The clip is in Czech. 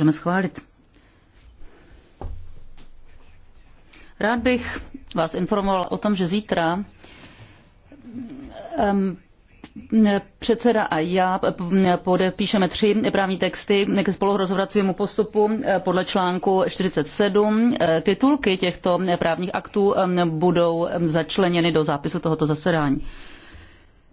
můžeme schválit. Rád bych vás informoval o tom, že zítra um, předseda a já podepíšeme tři právní texty k spoluhrozovacímu postupu eh, podle článku 47. Eh, titulky těchto právních aktů budou začleněny do zápisu tohoto zasedání.